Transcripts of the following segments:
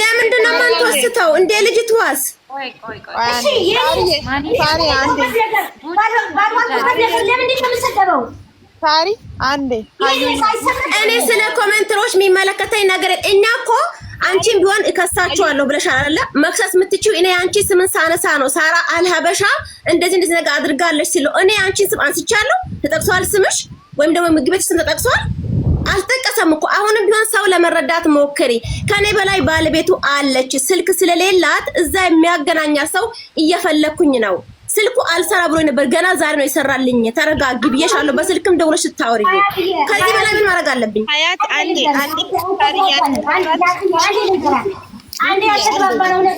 ለምንድን ነው የማንተወስተው? እንደ ልጅ ትዋስ እኔ ስለ ኮመንትሮች የሚመለከተኝ ነገር እኛ እኮ አንቺም ቢሆን እከሳቸዋለሁ ብለሻል አይደለ? መክሰስ የምትችው እኔ አንቺ ስምን ሳነሳ ነው። ሳራ አልሀበሻ እንደዚህ እንደዚህ ነገር አድርጋለች ሲለው እኔ አንቺን ስም አንስቻለሁ። ተጠቅሷል ስምሽ ወይም ደግሞ ምግብ ቤት ስም ተጠቅሷል። አልጠቀሰም እኮ አሁንም ቢሆን ሰው ለመረዳት ሞክሪ። ከኔ በላይ ባለቤቱ አለች። ስልክ ስለሌላት እዛ የሚያገናኛ ሰው እየፈለኩኝ ነው። ስልኩ አልሰራ ብሎ ነበር። ገና ዛሬ ነው የሰራልኝ። ተረጋጊ ብዬሻለሁ። በስልክም ደውለሽ ስታወሪ ከዚህ በላይ ምን ማድረግ አለብኝ? አያት አንዴ አንዴ አንዴ አንዴ አንዴ ልጨርስላት። እኔ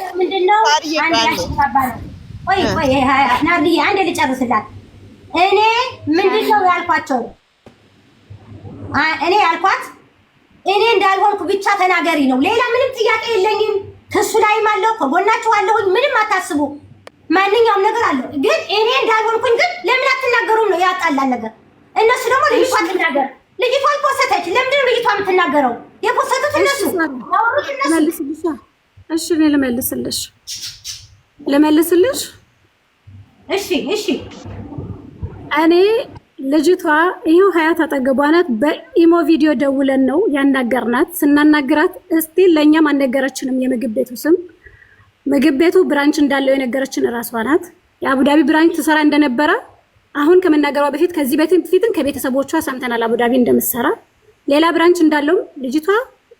ምንድነው ያልኳቸው? እኔ ያልኳት እኔ እንዳልሆንኩ ብቻ ተናገሪ ነው። ሌላ ምንም ጥያቄ የለኝም። ከሱ ላይም አለሁ፣ ከጎናችሁ አለሁኝ። ምንም አታስቡ ማንኛውም ነገር አለ። ግን እኔ እንዳልሆንኩኝ ግን ለምን አትናገሩም ነው ያጣላል ነገር። እነሱ ደግሞ ልጅቷ ትናገር፣ ልጅቷ ይፖሰተች። ለምንድን ነው ልጅቷ የምትናገረው? የፖሰቱት እነሱ እነሱ። እሺ እኔ ልመልስልሽ ልመልስልሽ። እሺ እሺ እኔ ልጅቷ ይኸው ሀያት አጠገቧ ናት። በኢሞ ቪዲዮ ደውለን ነው ያናገርናት። ስናናግራት እስቲ ለእኛም አልነገረችንም የምግብ ቤቱ ስም ምግብ ቤቱ ብራንች እንዳለው የነገረችን እራሷ ናት። የአቡዳቢ ብራንች ትሰራ እንደነበረ አሁን ከመናገሯ በፊት ከዚህ በፊትም ከቤተሰቦቿ ሰምተናል። አቡዳቢ እንደምትሰራ ሌላ ብራንች እንዳለውም ልጅቷ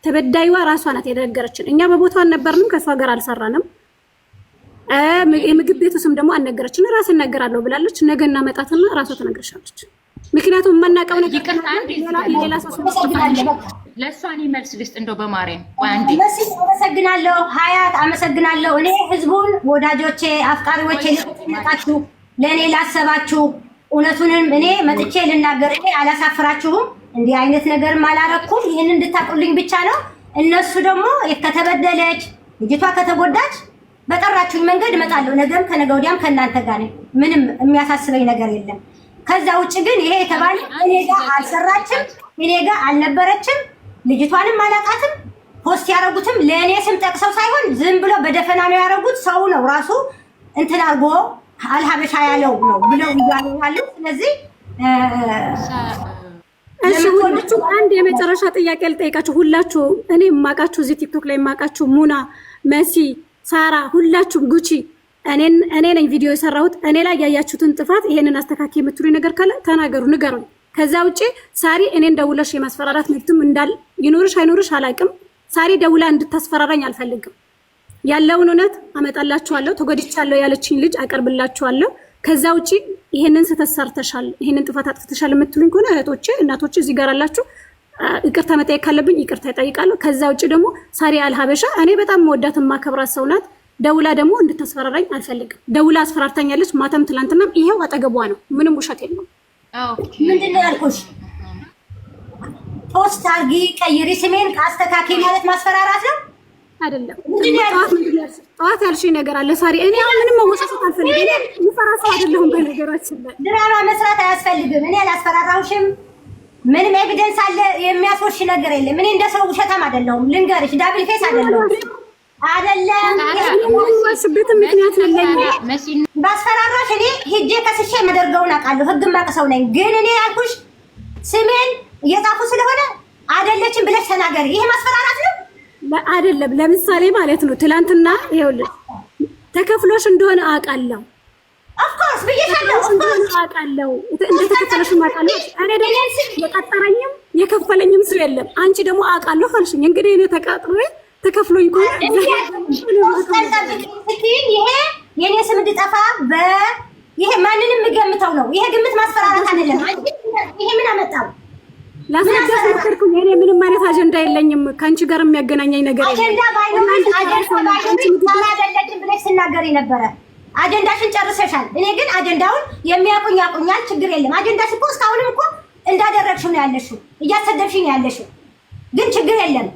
ተበዳይዋ ራሷ ናት የነገረችን። እኛ በቦታው አልነበርንም፣ ከእሷ ጋር አልሰራንም። የምግብ ቤቱ ስም ደግሞ አልነገረችን። ራስ እናገራለሁ ብላለች። ነገ እናመጣትና ራሷ ትነግርሻለች። ምክንያቱም የማናውቀው ነገር ሌላ ሰው ለእሷ መልስ ልስጥ እንደው በማርያም አንዴ። አመሰግናለሁ ሀያት አመሰግናለሁ። እኔ ህዝቡን ወዳጆቼ፣ አፍቃሪዎቼ መጣችሁ ለእኔ ላሰባችሁ እውነቱንም እኔ መጥቼ ልናገር። እኔ አላሳፍራችሁም። እንዲህ አይነት ነገርም አላረኩም። ይህን እንድታቁልኝ ብቻ ነው። እነሱ ደግሞ ከተበደለች ልጅቷ ከተጎዳች በጠራችሁኝ መንገድ እመጣለሁ። ነገም ከነገ ወዲያም ከእናንተ ጋር ምንም የሚያሳስበኝ ነገር የለም። ከዛ ውጭ ግን ይሄ የተባለ እኔ ጋር አልሰራችም፣ እኔ ጋር አልነበረችም። ልጅቷንም አላቃትም። ፖስት ያደረጉትም ለእኔ ስም ጠቅሰው ሳይሆን ዝም ብሎ በደፈና ነው ያደረጉት። ሰው ነው ራሱ እንትን አርጎ አልሀበሻ ያለው ነው ብለው እያሉ ያሉ። ስለዚህ እሺ ሁላችሁ አንድ የመጨረሻ ጥያቄ ልጠይቃችሁ። ሁላችሁ እኔ የማውቃችሁ እዚህ ቲክቶክ ላይ የማውቃችሁ ሙና፣ መሲ፣ ሳራ ሁላችሁም ጉቺ እኔ ነኝ ቪዲዮ የሰራሁት እኔ ላይ ያያችሁትን ጥፋት ይሄንን አስተካኪ የምትሉ ነገር ካለ ተናገሩ፣ ንገሩኝ። ከዛ ውጪ ሳሪ እኔን ደውለሽ የማስፈራራት መብትም እንዳል ይኖርሽ አይኖርሽ አላቅም። ሳሪ ደውላ እንድታስፈራራኝ አልፈልግም። ያለውን እውነት አመጣላችኋለሁ። ተጎድቻለሁ ያለችኝ ልጅ አቀርብላችኋለሁ። ከዛ ውጪ ይሄንን ስህተት ሰርተሻል፣ ይሄንን ጥፋት አጥፍተሻል የምትሉኝ ከሆነ እህቶቼ፣ እናቶቼ እዚህ ጋር አላችሁ። ይቅርታ መጠየቅ ካለብኝ ይቅርታ ይጠይቃለሁ። ከዛ ውጭ ደግሞ ሳሪ አልሀበሻ እኔ በጣም መወዳት የማከብራት ሰው ናት። ደውላ ደግሞ እንድታስፈራራኝ አልፈልግም። ደውላ አስፈራርታኛለች። ማታም ትላንትናም ይሄው አጠገቧ ነው። ምንም ውሸት የለውም። ምንድን ነው ያልኩሽ? ፖስት አድርጊ፣ ቀይሪ፣ ስሜን አስተካክል ማለት ማስፈራራት ነው አይደለም። ጠዋት ያልሽኝ ነገር አለ ሳሪ። እኔ ምንም መወሳሰት አልፈልግም። ምፈራ ሰው አይደለሁም። በነገራችን ላይ ድራማ መስራት አያስፈልግም። እኔ አላስፈራራሁሽም። ምንም ኤቪደንስ አለ የሚያስወሽ ነገር የለም። እኔ እንደ ሰው ውሸታም አይደለሁም። ልንገርሽ፣ ዳብል ፌስ አይደለሁም። አይደለም የምትወስበትን ምክንያት የለኝም። ባስፈራራሽ እኔ ሄጄ ከስሼ የማደርገውን አውቃለሁ። ህግ ማቅሰው ነኝ። ግን እኔ ያልኩሽ ስሜን እየጻፉ ስለሆነ አይደለችም ብለሽ ተናገሪ። ይሄ ማስፈራራት ነው አይደለም። ለምሳሌ ማለት ነው ትላንትና ይኸውልሽ ተከፍሎሽ እንደሆነ አውቃለሁ። ኦፍኮርስ ብዬሻለሁ። ኦፍኮርስ እንደተከፈለሽ አውቃለሁ። እኔ ደግሞ የቀጠረኝም የከፈለኝም ሰው የለም። አንቺ ደግሞ አውቃለሁ አልሽኝ። እንግዲህ እኔ ተቃጥሮኝ ተከፍሎኝ እኮ ይሄ የኔ ስም እንድጠፋ ይሄ ማንንም የምገምተው ነው። ይሄ ግምት ማስፈራራት አይደለም። ይሄ ምን አመጣው? ላስረዳሽ ሞከርኩኝ። እኔ ምንም አይነት አጀንዳ የለኝም። ከአንቺ ጋር የሚያገናኘኝ ነገር አጀንዳ ባይኖአጀንዳአጀንዳአጀንዳአጀንዳአጀንዳ ብለሽ ስናገር ነበረ። አጀንዳሽን ጨርሰሻል። እኔ ግን አጀንዳውን የሚያቁኝ ያውቁኛል። ችግር የለም። አጀንዳሽ እኮ እስካሁንም እኮ እንዳደረግሽው ነው ያለሽው፣ እያሰደብሽ ያለሽው። ግን ችግር የለም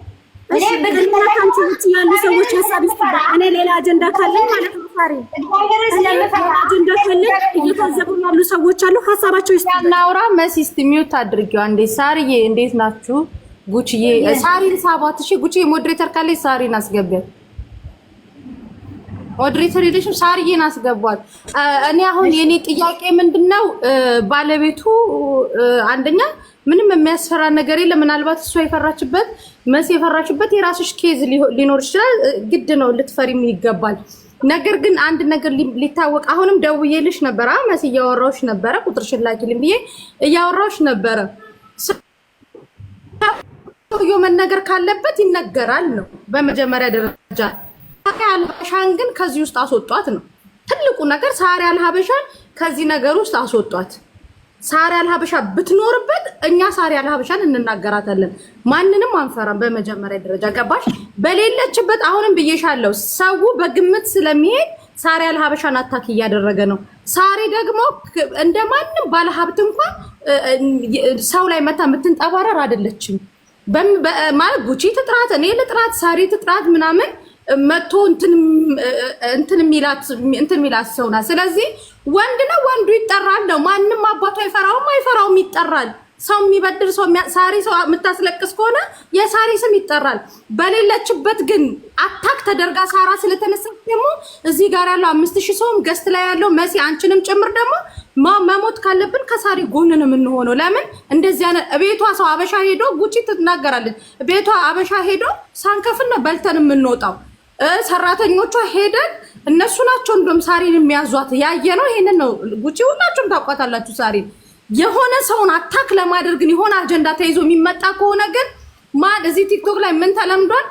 እኔ በግልና ካንቺ ውጭ ያሉ ሰዎች ሀሳብ ይስጥባ። እኔ ሌላ አጀንዳ ካለኝ ማለት ነው ፋሪ አጀንዳ ካለ እየታዘቡ ያሉ ሰዎች አሉ፣ ሀሳባቸው ይስጥባ። እናውራ። መሲስት ሚውት አድርጊው አንዴ። ሳሪዬ እንዴት ናችሁ? ጉቺዬ ሳሪን ሳባት። እሺ ጉቺ ሞዴሬተር ካለች ሳሪን አስገቢያት። ሞዴሬተር የለሽም፣ ሳሪን አስገቧት። እኔ አሁን የኔ ጥያቄ ምንድነው ባለቤቱ አንደኛ ምንም የሚያስፈራ ነገር የለም። ምናልባት እሷ የፈራችበት መስ የፈራችበት የራስሽ ኬዝ ሊኖር ይችላል። ግድ ነው ልትፈሪም ይገባል። ነገር ግን አንድ ነገር ሊታወቅ አሁንም ደውዬልሽ ነበረ መስ እያወራሁሽ ነበረ፣ ቁጥርሽን ላኪልኝ ብዬ እያወራሁሽ ነበረ። ሰውየው መነገር ካለበት ይነገራል ነው በመጀመሪያ ደረጃ። ሳሪያ አልሀበሻን ግን ከዚህ ውስጥ አስወጧት ነው ትልቁ ነገር። ሳሪያ አልሀበሻን ከዚህ ነገር ውስጥ አስወጧት። ሳሪ ሀበሻ ብትኖርበት እኛ ሳሪ ሀበሻን እንናገራታለን። ማንንም አንፈራም። በመጀመሪያ ደረጃ ገባሽ? በሌለችበት አሁንም ብዬሻለሁ፣ ሰው በግምት ስለሚሄድ ሳሪ ሀበሻን አታክ እያደረገ ነው። ሳሪ ደግሞ እንደ ማንም ባለሀብት እንኳን ሰው ላይ መታ የምትንጠባረር አይደለችም። ማለት ጉቺ ትጥራት፣ እኔ ልጥራት፣ ሳሪ ትጥራት ምናምን መቶ እንትን እንትን የሚላት ሰው ናት። ስለዚህ ወንድ ነው፣ ወንዱ ይጠራል ነው። ማንም አባቱ አይፈራውም፣ አይፈራውም ይጠራል። ሰው የሚበድል ሰው ሳሪ ሰው የምታስለቅስ ከሆነ የሳሪ ስም ይጠራል። በሌለችበት ግን አታክ ተደርጋ ሳራ ስለተነሳች ደግሞ እዚህ ጋር ያለው አምስት ሺህ ሰውም ገስት ላይ ያለው መሲ አንቺንም ጭምር ደግሞ መሞት ካለብን ከሳሪ ጎን ነው የምንሆነው። ለምን እንደዚህ አይነት ቤቷ ሰው አበሻ ሄዶ ጉቺ ትናገራለች። ቤቷ አበሻ ሄዶ ሳንከፍል ነው በልተን የምንወጣው። ሰራተኞቿ ሄደን እነሱ ናቸው እንደም ሳሪን የሚያዟት ያየ ነው። ይሄንን ነው ጉቺ፣ ሁላችሁም ታውቋታላችሁ። ሳሪን የሆነ ሰውን አታክ ለማድረግ የሆነ አጀንዳ ተይዞ የሚመጣ ከሆነ ግን ማን እዚህ ቲክቶክ ላይ ምን ተለምዷል?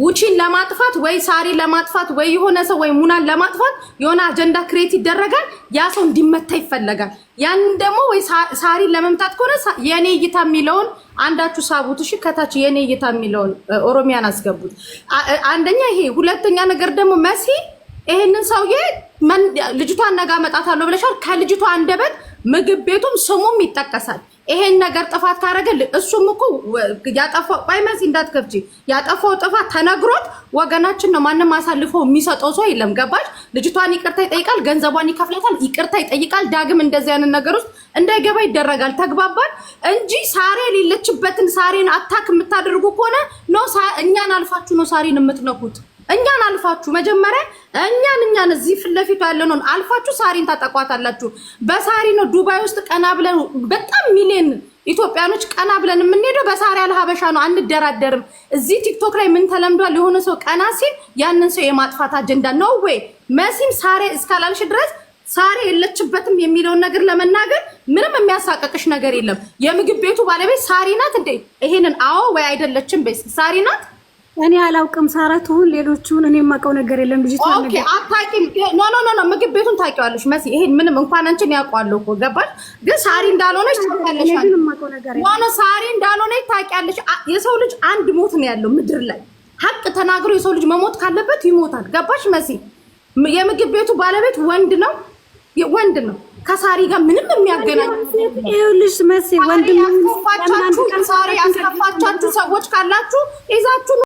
ጉቺን ለማጥፋት ወይ ሳሪ ለማጥፋት ወይ የሆነ ሰው ወይ ሙናን ለማጥፋት የሆነ አጀንዳ ክሬት ይደረጋል። ያ ሰው እንዲመታ ይፈለጋል። ያንን ደግሞ ወይ ሳሪን ለመምታት ከሆነ የኔ እይታ የሚለውን አንዳችሁ ሳቡት። እሺ፣ ከታች የኔ እይታ የሚለውን ኦሮሚያን አስገቡት። አንደኛ ይሄ፣ ሁለተኛ ነገር ደግሞ መሲ ይህንን ሰውዬ ልጅቷን ነጋ አመጣታለሁ ብለሻል። ከልጅቷ አንደበት ምግብ ቤቱም ስሙም ይጠቀሳል። ይሄን ነገር ጥፋት ካደረገ እሱም እኮ ያጠፋው ባይመስ እንዳትከፍጂ ያጠፋው ጥፋት ተነግሮት ወገናችን ነው። ማንም አሳልፎ የሚሰጠው ሰው የለም። ገባሽ? ልጅቷን ይቅርታ ይጠይቃል፣ ገንዘቧን ይከፍላታል፣ ይቅርታ ይጠይቃል። ዳግም እንደዚህ አይነት ነገር ውስጥ እንዳይገባ ይደረጋል። ተግባባል እንጂ ሳሬ የሌለችበትን ሳሬን አታክ የምታደርጉ ከሆነ ኖ እኛን አልፋችሁ ነው ሳሬን የምትነኩት። እኛን አልፋችሁ መጀመሪያ እኛን እኛን እዚህ ፊት ለፊቱ ያለነውን አልፋችሁ ሳሪን ታጠቋታላችሁ። በሳሪ ነው ዱባይ ውስጥ ቀና ብለን በጣም ሚሊዮን ኢትዮጵያኖች ቀና ብለን የምንሄደው በሳሪ አልሀበሻ ነው። አንደራደርም። እዚህ ቲክቶክ ላይ ምን ተለምዷል? የሆነ ሰው ቀና ሲል ያንን ሰው የማጥፋት አጀንዳ ነው ወይ መሲም ሳሪ እስካላልሽ ድረስ ሳሪ የለችበትም የሚለውን ነገር ለመናገር ምንም የሚያሳቀቅሽ ነገር የለም። የምግብ ቤቱ ባለቤት ሳሪ ናት እንዴ? ይሄንን አዎ ወይ አይደለችም? ሳሪ ናት እኔ አላውቅም። ሳራ ትሁን ሌሎቹን እኔ የማውቀው ነገር የለም። ልጅ አታውቂም። ኖ ኖ ኖ ምግብ ቤቱን ታውቂዋለሽ መሲ። ይሄን ምንም እንኳን አንቺን ያውቀዋለሁ እኮ ገባሽ። ግን ሳሪ እንዳልሆነች ታውቂያለሽ። ሳሪ እንዳልሆነች ታውቂያለሽ። የሰው ልጅ አንድ ሞት ነው ያለው ምድር ላይ። ሀቅ ተናግሮ የሰው ልጅ መሞት ካለበት ይሞታል። ገባሽ መሲ። የምግብ ቤቱ ባለቤት ወንድ ነው፣ ወንድ ነው ከሳሪ ጋር ምንም የሚያገናኝ ይኸውልሽ፣ መሲ ወንድም ያስከፋቻችሁ፣ ሳሪ ያስከፋቻችሁ ሰዎች ካላችሁ ይዛችሁ